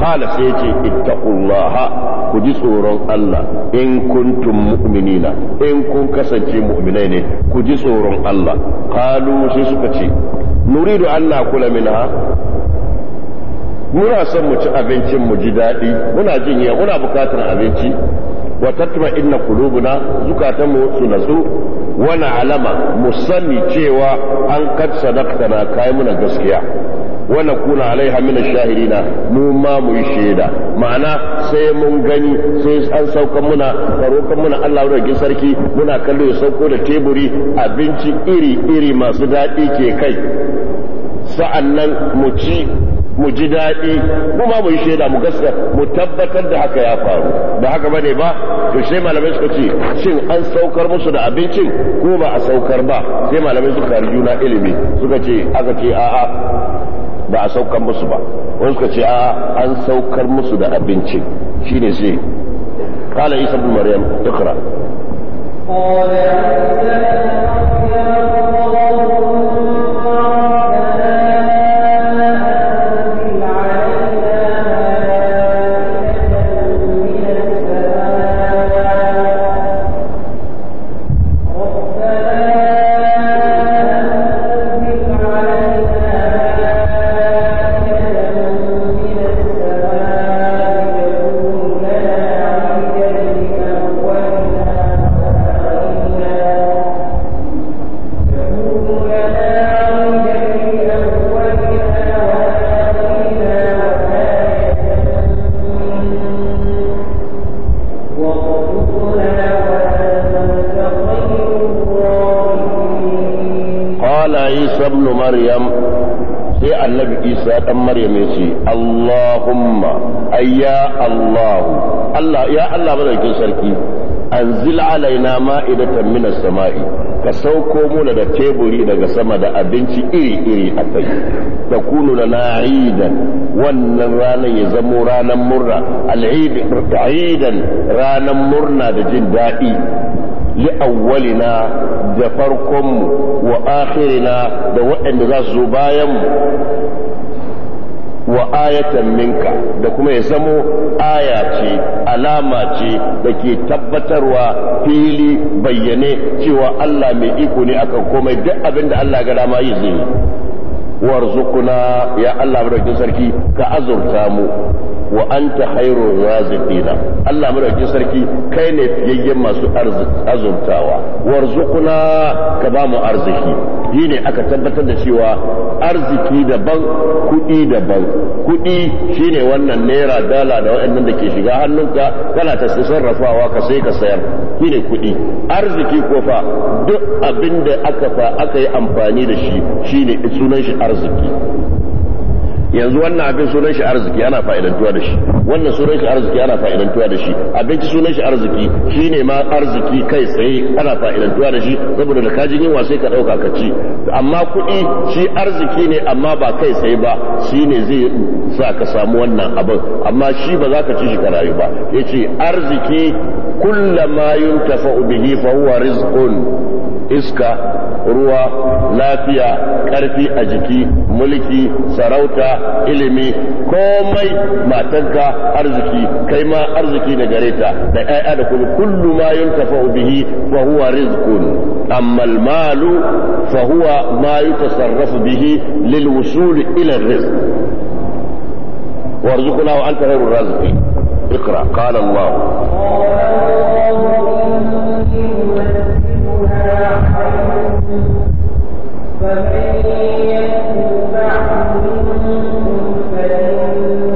qala sai ce ittaqullaha ku ji tsoron Allah in kuntum mu'minina in kun kasance mu'minai ne ku ji tsoron Allah Kalu sai suka ce nuridu allah kula minha muna son mu ci abincin mu ji daɗi muna jin ya muna bukatar abinci wa tatma inna qulubuna zukatanmu su nasu wani alama mu sani cewa an kad sadaqtana kai muna gaskiya Wannan kuna alaiha min ash-shahidina mu ma mu yi shaida ma'ana sai mun gani sai an sauka muna farokan muna Allah rage sarki muna kallo ya sauko da teburi abinci iri iri masu daɗi ke kai sa'annan mu ci mu ji daɗi ma mu yi shaida mu gaska mu tabbatar da haka ya faru ba haka ba ne ba to sai malamai suka ce shin an saukar musu da abincin ko ba a saukar ba sai malamai suka juna ilimi suka ce aka ce a'a ba a saukar musu ba wani suka ce a an saukar musu da abinci shine sai kala isa بن maryam اقرأ maryam sai annabi isa dan maryam ya ce allahumma ayya allah allah ya allah madaukin sarki anzil alaina ma'idatan minas sama'i ka sauko mana da teburi daga sama da abinci iri-iri a kai da kunu da aidan wannan ranar ya zamo ranar murna al'idan ranar murna da jin daɗi li'awwalina da farkonmu wa akhirina da waɗanda za su zo bayanmu wa ayatan minka da kuma ya zamo aya ce alama ce da ke tabbatarwa fili bayyane cewa Allah mai iko ne akan komai duk abinda da Allah ga dama yi zai warzuquna ya Allah madaukakin sarki ka azurta mu wa anta khairur raziqina Allah madaukin sarki kai ne fiyayyen masu azurtawa warzuquna ka ba mu arziki yi ne aka tabbatar da cewa arziki daban kuɗi daban kuɗi shine wannan naira dala da waɗannan da ke shiga hannunka kana ta sarrafawa ka sai ka sayar shi ne kuɗi arziki ko fa duk abinda aka fa aka yi amfani da shi shine sunan shi arziki yanzu wannan abin sunan shi arziki ana fa'idantuwa da shi wannan sunan shi arziki ana fa'idantuwa da shi abinci sunan shi arziki shine ma arziki kai tsaye ana fa'idantuwa da shi saboda da kajin yunwa sai ka ɗauka ka ci amma kuɗi shi arziki ne amma ba kai sai ba shine zai sa ka samu wannan abin amma shi ba za ka ci shi ka rayu ba yace arziki kullama yuntafa'u bihi fa huwa rizqun iska ruwa lafiya ƙarfi a jiki mulki sarauta ilimi komai matanka arziki kai ma arziki da gare ta da ƴaƴa da kullu kullu ma yuntafa'u bihi wa huwa rizqun amma al-malu fa huwa ma yutasarrafu bihi lil wusul ila ar-rizq warzuqna wa anta khairur raziqin اقرأ قال الله فمن يكفر بعض منكم فلن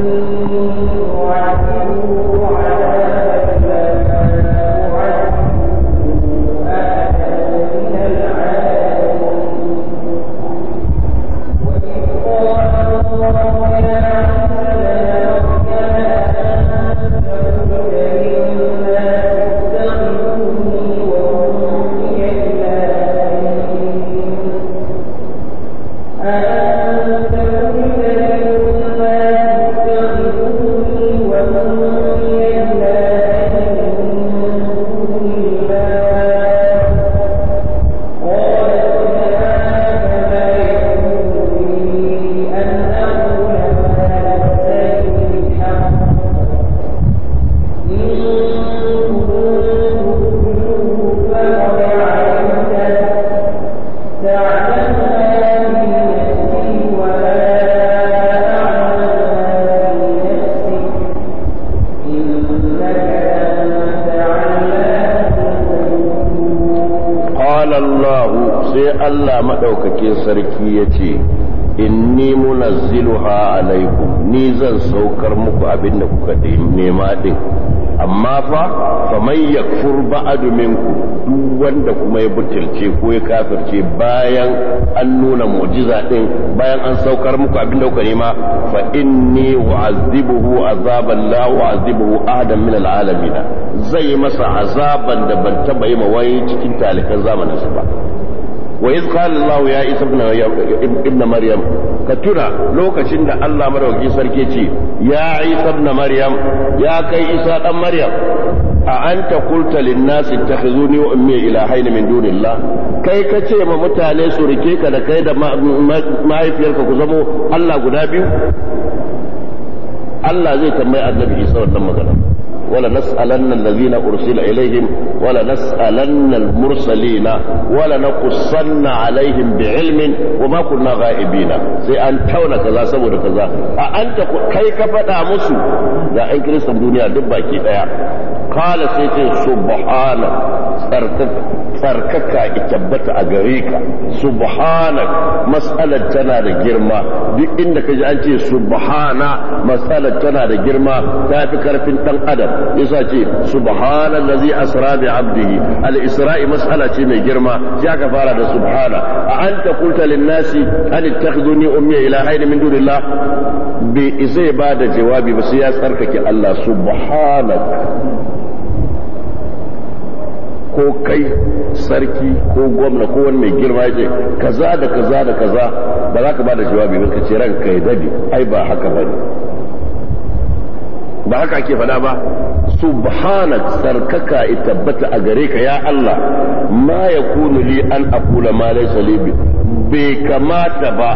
maɗaukakin sarki ya ce inni munazziluha alaikum ni zan saukar muku abin da kuka nema din amma fa faman yakfur ba'du minku duk wanda kuma ya butulce ko ya kafirce bayan an nuna mu'jiza din bayan an saukar muku abin da kuka nema fa inni u'azzibuhu azaban la u'azzibuhu ahadan min al'alamin zai masa azaban da ban taba yi ma wai cikin talikan zamanin su ba wa iz qala ya isa maryam ka tuna lokacin da Allah madawaki sarki ce ya isa maryam ya kai isa dan maryam a anta qulta lin nas ittakhizuni wa ila ilahayn min dunillah kai ka ce ma mutane su rike ka da kai da mahaifiyarka ku zamo Allah guda biyu Allah zai tambayi annabi Isa wannan magana wala nas'alanna allazina ursila ilaihim wala nas'alanna al-mursalina wala naqussanna alaihim bi'ilmin wa ma kunna ghaibina sai an tauna kaza saboda kaza a anta kai ka faɗa musu ga ɗan kiristan duniya duk baki ɗaya kala sai ce subhana tsarkaka ki tabbata a gare ka subhana mas'alar tana da girma duk inda ka ji an ce subhana mas'alar tana da girma ta fi karfin ɗan adam yasa ce subhanallazi asra bi abdihi al-isra'i mas'ala ce mai girma sai aka fara da subhana a anta qulta lin-nasi an ittakhiduni ummi ilahayn min dunillah bi izai ba da jawabi ba sai ya tsarkake Allah subhana ko kai sarki ko gwamna ko wani mai girma yake kaza da kaza da kaza ba za ka ba da jawabi ba ka ce ranka ya dade ai ba haka ba ba haka ake fada ba subhanak sarkaka tabbata a gare ka ya Allah ma yakunu li an aqula ma laysa li bai kamata ba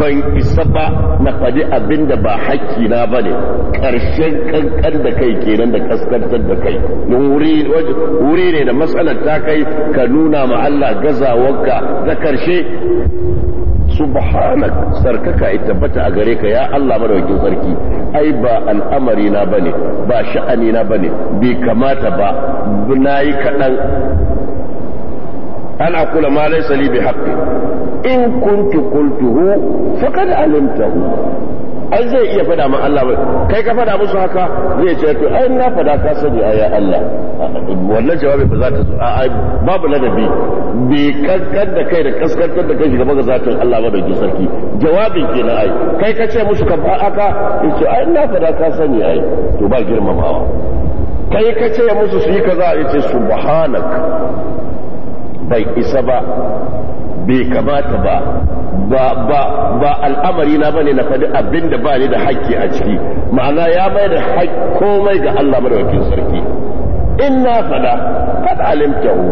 ban isa ba na faɗi abin da ba haƙƙi na ba ne ƙarshen kankan da kai kenan da kaskantar da kai wuri ne da matsalar ta kai ka nuna ma Allah gazawarka na ƙarshe subhanak sarkaka ita bata a gare ka ya Allah madaukin sarki ai ba al'amari na bane ba sha'ani na bane bai kamata ba nayi yi kaɗan an akula ma laysa li bi haqqi in kuntu qultuhu faqad alimtahu ai zai iya faɗa ma Allah ba kai ka faɗa musu haka zai ce to ai na faɗa ka sani ai Allah wannan jawabi ba za ta zo a babu ladabi bai kankan da kai da kaskantar da kai gaba ga zatin Allah ba da ke sarki jawabin ke kenan ai kai ka ce musu ka ba haka yace ai na faɗa ka sani ai to ba girmamawa kai ka ce musu su yi kaza yace subhanak bai isa ba bai kamata ba ba al'amari na bane na faɗi abin da ba ni da haƙƙi a ciki ma'ana ya mai da komai ga Allah madawakin sarki in na faɗa kad alimtahu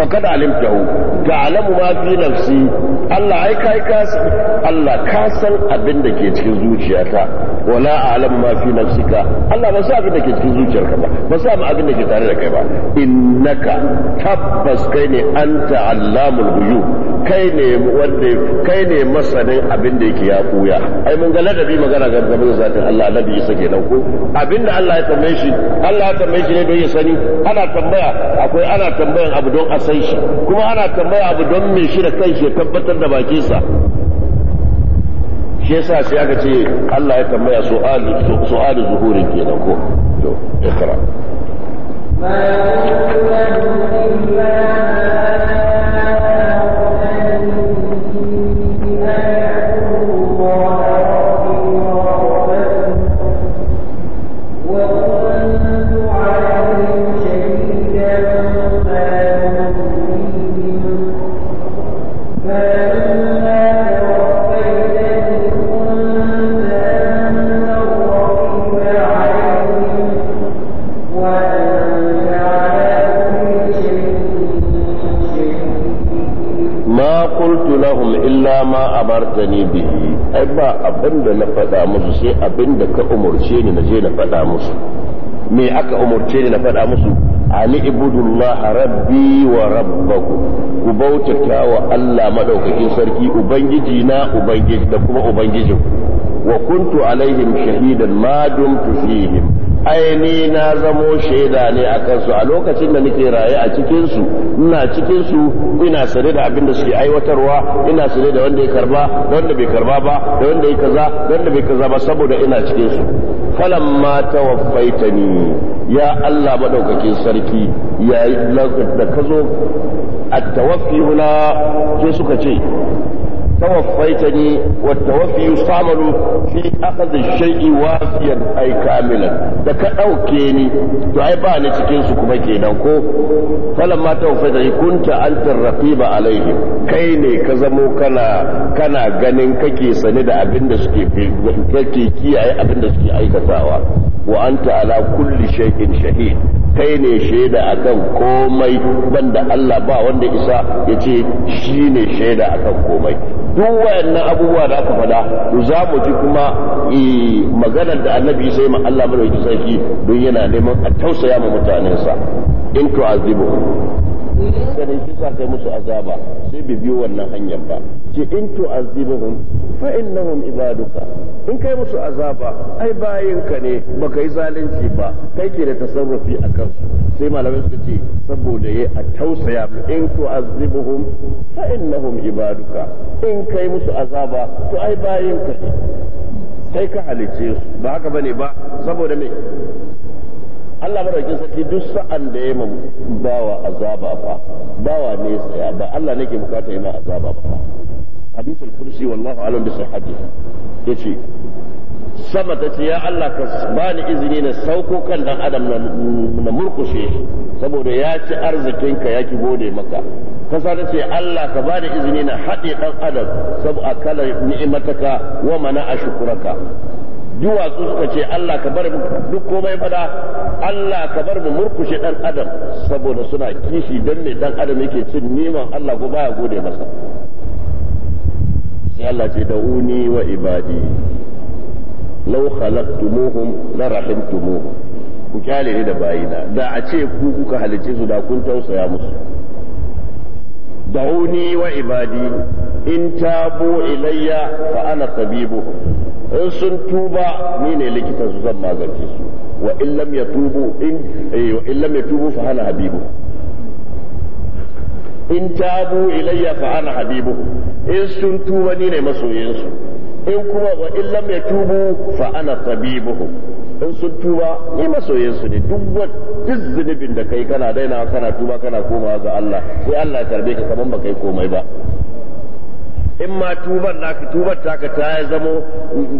faqad alimtahu ta'lamu ma fi nafsi Allah ai kai ka Allah ka san abin da ke cikin zuciyata wala a'lamu ma fi nafsika Allah ba sa abin da ke cikin zuciyarka ba ba sa abin da ke tare da kai ba innaka tabbas kai ne anta allamul ghuyub kai ne wanda kai ne masanin abin da yake ya ai mun ga ladabi magana ga zaman zatin Allah ladabi yasa kenan ko abin da Allah ya tambaye shi Allah ya tambaye shi ne don ya sani ana tambaya akwai ana tambayan abu don a san shi kuma ana tambaya abu don me shi da kanshi ya tabbatar da bakinsa shi yasa sai aka ce Allah ya tambaya su'ali su'ali zuhurin kenan ko to ikra ma amartani bihi ai ba abin da na faɗa musu sai abin da ka umarce ni na je na faɗa musu me aka umarce ni na faɗa musu ani ibudullaha rabbi wa rabbaku ku bautata wa Allah madaukakin sarki ubangiji na ubangiji da kuma ubangijin wa kuntu alaihim shahidan ma dumtu fihim aini na zamo shaida ne akan su a lokacin da nake raye a cikin su ina cikin su ina sare da abin da suke aiwatarwa ina sane da wanda ya karba da wanda bai karba ba da wanda ya kaza da wanda bai kaza ba saboda ina cikin su falamma tawaffaitani ya Allah madaukakin sarki yayi da ka zo at-tawaffi huna sai suka ce tawaffaitani wa tawaffi yusamalu fi akhadhi shay'i wafiyan ay kamilan da ka ɗauke ni to ai ba ni cikin su kuma ke dan ko falam ma tawaffa kun ta'antar raqiba alaihim kai ne ka zamo kana ganin kake sani da abinda suke kake kiyaye abinda suke aikatawa wa'anta anta ala kulli shay'in shahid kai ne shaida akan komai banda Allah ba wanda isa ya ce shi ne shaida akan komai duk wayannan abubuwa da aka faɗa za mu ji kuma eh, maganar da annabi sai ma Allah mai sarki don yana neman a tausaya ma mutanensa in tu'azibu sanin shi sa kai musu azaba sai bai biyo wannan hanyar ba ki in tu azibuhum fa innahum ibaduka in kai musu azaba ai bayinka ne baka yi zalunci ba kai ke da tasarrufi a kansu sai malamai suka ce saboda yayi a tausaya in tu azibuhum fa innahum ibaduka in kai musu azaba to ai bayinka ne kai ka halice su ba haka bane ba saboda me Allah madaukin sarki duk sa'an da ya mamu bawa azaba fa bawa ne tsaya ba Allah nake bukata ya ma azaba ba hadisul kursi wallahu alam bi sihhati yace sama ta ce ya Allah ka bani izini na sauko kan dan adam na murkushe saboda ya ci arzikinka ya ki gode maka kasa ta ce Allah ka bani izini na haɗe dan adam saboda kala ni'imataka wa mana ashukuraka duwatsu suka ce Allah ka bar duk komai fada Allah ka bar mu murkushe dan adam saboda suna kishi dan ne dan adam yake cin niman Allah ko baya gode masa sai Allah ce da'uni wa ibadi law khalaqtumuhum la rahimtumuhum ku kyale ne da bayina da a ce ku kuka halice su da kun tausaya musu da'uni wa ibadi in tabu ilayya fa ana tabibuhum in sun tuba ni ne likitan su zan magance su wa in lam tubu in eh, wa in lam tubu fa ana habibu in tabu ilayya fa ana habibu in sun tuba ni ne masoyin su in kuma wa in lam tubu fa ana tabibuhu in sun tuba ni masoyin su ne duk wat zunubin da kai kana daina kana tuba kana komawa ga Allah sai Allah ya tarbe ka kaman ba kai komai ba in ma tuban naka tubar taka ta zamo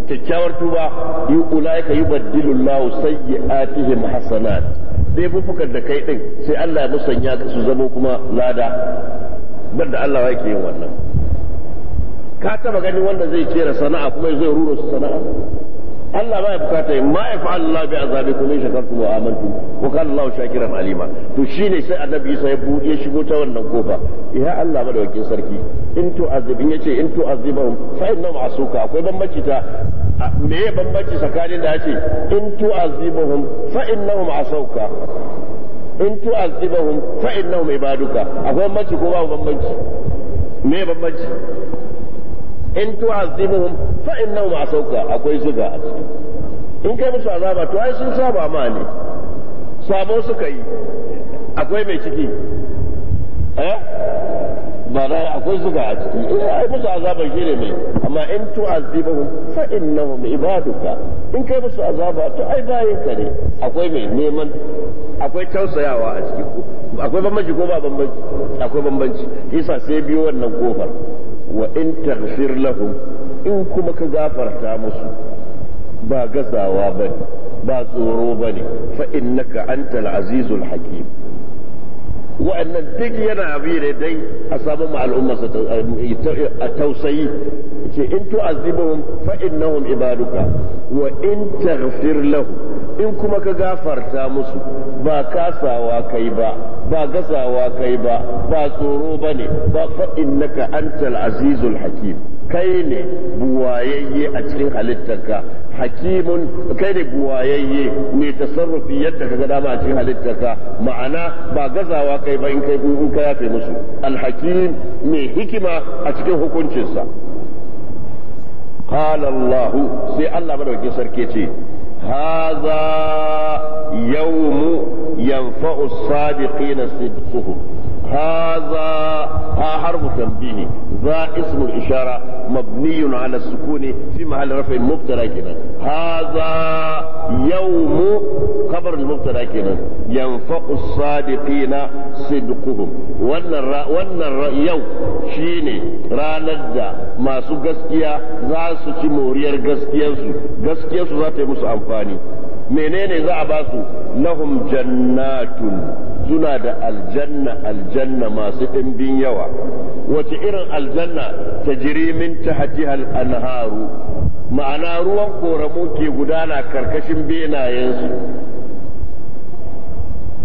kyakkyawar tuba yi yi ulaika yubaddilu a sayyi'atihim hasanat dai fufukan da kai din sai Allah ya musanya su zama kuma lada banda Allah yake yin wannan ka taba ganin wanda zai kera sana'a kuma zai ruro su sana'a Allah baya bukata yin ma yafa Allah bi azabikum in shakartum wa amintu wa kana Allah shakiran alima to shi ne sai annabi Isa ya buɗe shigo ta wannan kofa ya Allah madawakin sarki in to azabin ce in to azibahum fa inna ma'suka akwai bambanci ta me ya bambanci tsakanin da yace in to azibahum fa innahum asauka in tu azibahum fa innahum ibaduka akwai bambanci ko babu bambanci me ya bambanci in tu'azibuhum fa asauka akwai zuga a ciki in kai musu azaba to ai sun saba ma ne sabo suka yi akwai mai ciki eh ba akwai zuga a ciki eh ai musu azaba shi ne mai amma in tu'azibuhum fa innahum ibaduka in kai musu azaba to ai ka ne akwai mai neman akwai tausayawa a ciki akwai bambanci ko ba bambanci akwai bambanci yasa sai biyo wannan wa in taghfir lahum in kuma ka gafarta musu ba gazawa bane ba tsoro bane fa innaka antal azizul hakim wa'annan duk yana bi ne dan a samu ma al'umma a tausayi ce in tu'azibuhum fa innahum ibaduka wa in taghfir lahu in kuma ka gafarta musu ba kasawa kai ba ba gasawa kai ba ba tsoro bane ba fa innaka antal azizul hakim kai ne buwayayye a cikin halittarka hakimun kai ne buwayayye mai tasarrufi yadda ka gada ba a cikin halittarka ma'ana ba gazawa kai ba in kai in ka yafe musu alhakim mai hikima a cikin hukuncinsa قال الله سي الله مدوكي سركيتي هذا يوم ينفع الصادقين صدقهم هذا حرف تنبيه ذا اسم الإشارة مبني على السكون في محل رفع مبتدا كده هذا يوم خبر المبتدا كده ينفع الصادقين صدقهم ولا ولا يوم شيني ranar da masu gaskiya za su ci moriyar gaskiyarsu gaskiyarsu za ta yi musu amfani menene za a ba su lahum jannatun suna da aljanna aljanna masu ɗimbin yawa wace irin aljanna ta jirimin ta hajihar anharu ma'ana ruwan koramu ke gudana karkashin benayensu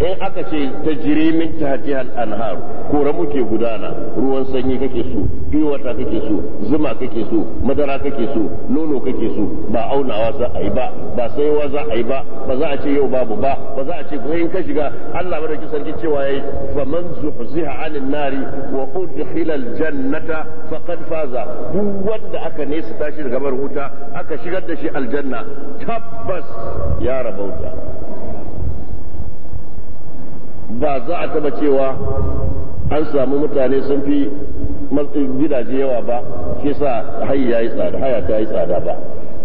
in aka ce ta jiremin min tahtihal anhar kora muke gudana ruwan sanyi kake so iwata kake so zuma kake so madara kake so nono kake so ba aunawa za a yi ba ba saiwa za a yi ba ba za a ce yau babu ba ba za a ce ko in ka shiga Allah kisan sarki cewa yayi fa man zuhziha anin nari wa udkhila aljannata faqad faza duk wanda aka nesa tashi daga barhuta wuta aka shigar da shi aljanna tabbas ya rabauta ba za a taba cewa an samu mutane sun fi gidaje yawa ba shi sa haya ta yi tsada ba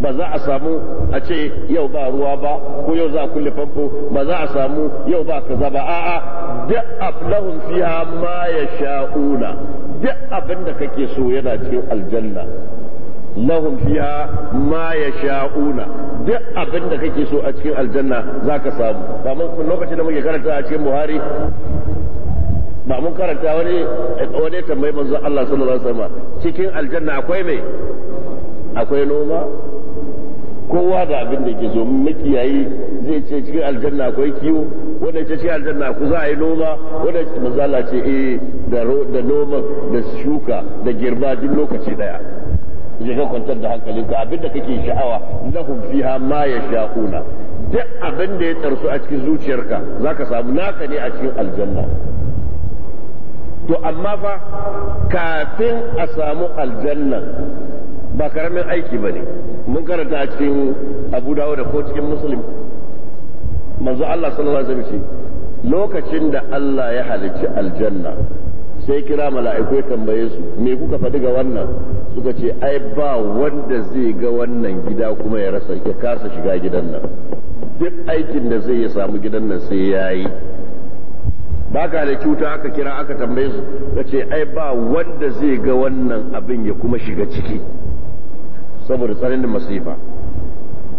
ba za a samu a ce yau ba ruwa ba ko yau za a kulle famfo ba za a samu yau ba kaza ba a'a duk ablahun fiha ma sha'una, duk abin da kake so yana cikin aljanna lahum fiha ma yasha'una duk abin da kake so a cikin aljanna zaka samu ba mun lokacin da muke karanta a cikin buhari ba mun karanta wani wani tambayi manzo Allah sallallahu alaihi wasallam cikin aljanna akwai me akwai noma kowa da abin da ke so makiyayi zai ce cikin aljanna akwai kiwo wanda ce cikin aljanna ku za a yi noma wanda manzo Allah ce eh da noma da shuka da girba duk lokaci daya je ka kwantar da hankalinka abinda kake sha'awa lahum fiha ma yashauna duk abinda ya tarsu a cikin zuciyarka zaka samu naka ne a cikin aljanna to amma fa kafin a samu aljanna ba karamin aiki ba ne mun karanta a cikin abu dawo ko cikin musulmi manzo Allah sallallahu alaihi wasallam lokacin da Allah ya halicci aljanna sai kira mala'iku ya tambaye su me kuka faɗi ga wannan suka ce ai ba wanda zai ga wannan gida kuma ya rasa ya kasa shiga gidan nan duk aikin da zai ya samu gidan nan sai ya yi ba ka da cuta aka kira aka tambaye su ka ce ai ba wanda zai ga wannan abin ya kuma shiga ciki saboda tsananin masifa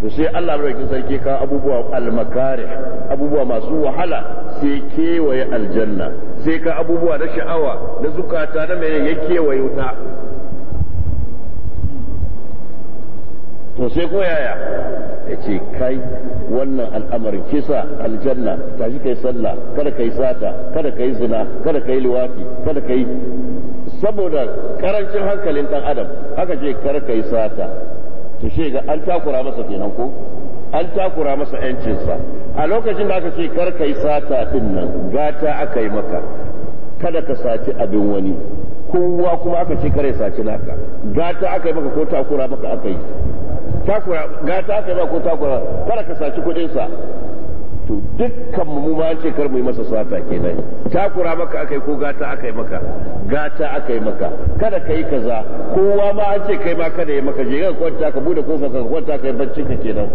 to sai Allah madaukakin sarki ka abubuwa al-makari. abubuwa masu wahala sai kewaye aljanna sai ka abubuwa na sha'awa na zukata na mai ya kewaye wuta to sai ko yaya ya ce kai wannan al'amari kisa aljanna tashi kai sallah kada kai sata kada kai zina kada kai liwafi kada kai saboda karancin hankalin dan adam haka ce kada kai sata to shi ga an takura masa kenan ko an takura masa yancinsa a lokacin da aka ce kar kai sata din nan gata aka yi maka kada ka saci abin wani kowa kuma aka ce kare saci naka gata aka yi maka ko takura maka aka yi takura gata aka yi maka ko takura kada ka saci kuɗinsa to dukkan mu ma ce kar mu yi masa sata kenan takura maka akai ko gata akai maka gata akai maka kada kai kaza kowa ma an ce kai ma kada ya maka je ga kwanta ka bude kofar ka kwanta kai bacci ka kenan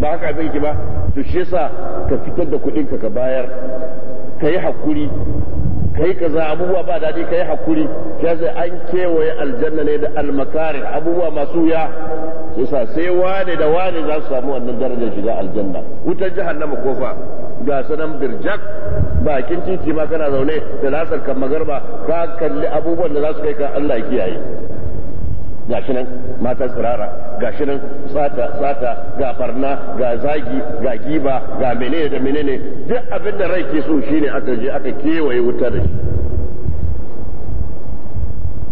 ba haka abin ki ba to shi yasa ka fitar da kuɗin ka ka bayar ka hakuri kai ka kaza abubuwa ba daɗi kai hakuri ya zai an kewaye aljanna ne da almakari abubuwa masu ya yasa sai wane da wane za su samu wannan darajar shiga aljanna wutar jahannama kofa ga sanan birjak bakin titi ma kana zaune da lasar kan magarba ka kalli abubuwan da za su kai ka Allah kiyaye gashi nan matan tsirara gashi nan sata sata ga barna ga zagi ga giba ga menene da menene duk abin da rai ke so shine aka je aka kewaye wuta da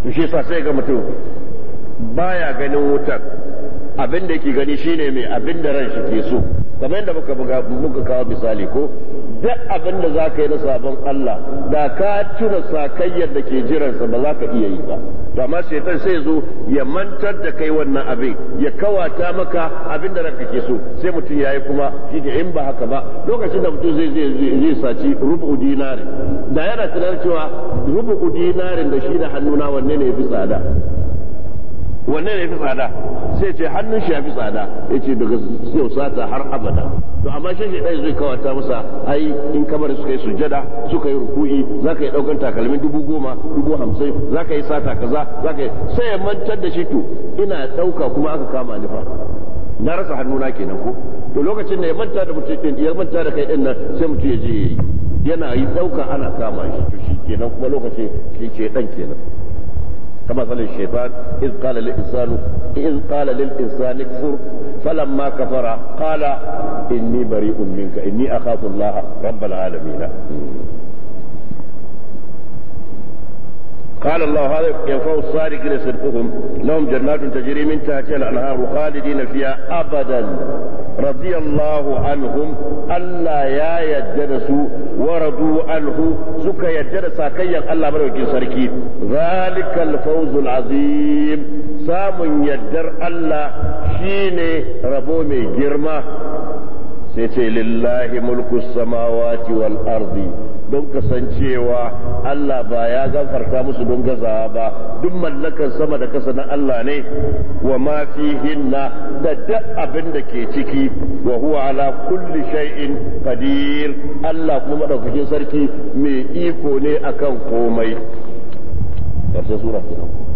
shi shi sa sai ga mutum baya ganin wutar abin da yake gani shine mai abin da ran shi ke so kamar yadda muka buga muka kawo misali ko duk abin da zaka yi na sabon Allah da ka tuna sakayyar da ke jiransa ba za ka iya yi ba to amma shaytan sai zo ya mantar da kai wannan abin ya kawata maka abin da ranka ke so sai mutum yayi kuma shi in ba haka ba lokacin da mutum zai zai saci rubu dinari da yana tunanin cewa rubu dinarin da shi da hannuna wanne ne ya fi tsada wanne ne fi tsada sai ce hannun shi ya fi tsada ya ce daga yau sata har abada to amma shi shi ɗaya zai kawata masa ai in kamar suka yi sujada suka yi ruku'i za ka yi ɗaukan takalmin dubu goma dubu hamsin za ka yi sata kaza za ka yi sai ya mantar da shi to ina ɗauka kuma aka kama ni na rasa hannuna kenan ko to lokacin da ya manta da mutum ya manta da kai ɗin nan sai mutum ya je yana yi ɗauka ana kama shi to shi kenan kuma lokacin shi ke ɗan kenan كمثل الشيطان إذ قال للإنسان إذ قال للإنسان اكفر فلما كفر قال إني بريء منك إني أخاف الله رب العالمين قال الله هذا ينفع الصادقين صدقهم لهم جنات تجري من تحتها الانهار خالدين فيها ابدا رضي الله عنهم الا يا يدرسوا ورضوا عنه سكا يدرس كيا الله مروكي سركي ذلك الفوز العظيم سام يدر الله شيني ربومي جرمه sai ce lillahi mulku samawati wal ardi don kasancewa Allah ba ya gafarta musu don gazawa ba duk mallakar sama da kasa na Allah ne wa ma fihinna da duk abin da ke ciki wa huwa ala kulli shay'in qadir Allah kuma madaukakin sarki mai iko ne akan komai sura kenan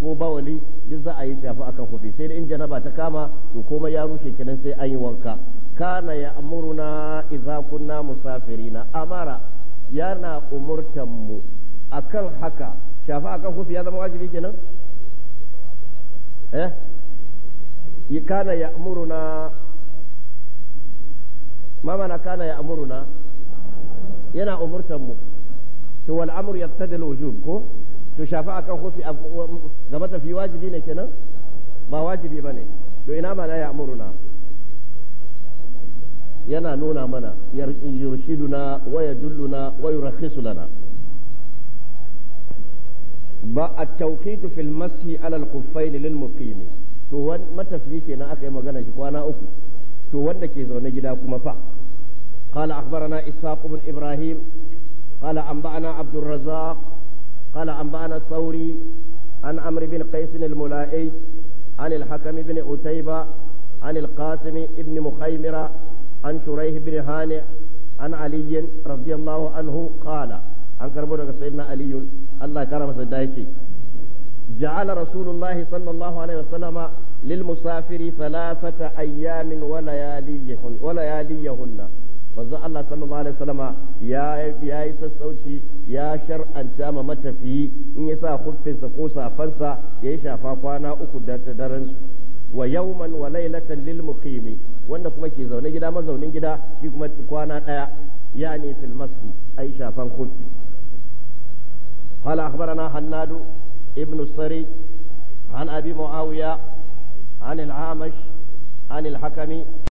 ko bawali duk za a yi shafa akan kofi sai da in janaba ta kama to komai ya rushe kenan sai an yi wanka kana ya amuruna idza kunna musafirina amara yana umurtan mu akan haka shafa akan kofi ya zama wajibi kenan eh kana ya amuruna na kana ya amuruna yana umurtan mu to wal amru yaqtadi al wujub ko to shafa akan hufi ga matafi wajibi ne kenan ba wajibi bane to ina ma ya amuruna yana nuna mana yurshiduna wa yadulluna wa yurakhisu lana ba a tauqitu fil mashi ala al khuffain lil to wani matafi kenan aka yi magana shi kwana uku to wanda ke zaune gida kuma fa قال أخبرنا إسحاق بن إبراهيم قال أنبأنا عبد الرزاق قال أنبأنا الثوري عن عمرو بن قيس الملائي عن الحكم بن أتيبة عن القاسم بن مخيمرة عن شريح بن هانئ عن علي رضي الله عنه قال عن كربون سيدنا علي الله كرم سدايتي جعل رسول الله صلى الله عليه وسلم للمسافر ثلاثة أيام ولياليهن ولياليهن manzon Allah sallallahu alaihi wasallama ya yi sassauci ya shar'anta ma matafiyi in ya sa huffinsa ko safansa ya yi shafa kwana uku da daren su wa yawman wa laylatan lil muqimi wanda kuma ke zaune gida mazaunin gida shi kuma kwana daya yani fil masjid ai shafan khuffi قال أخبرنا hannadu ابن السري عن أبي معاوية عن العامش عن الحكم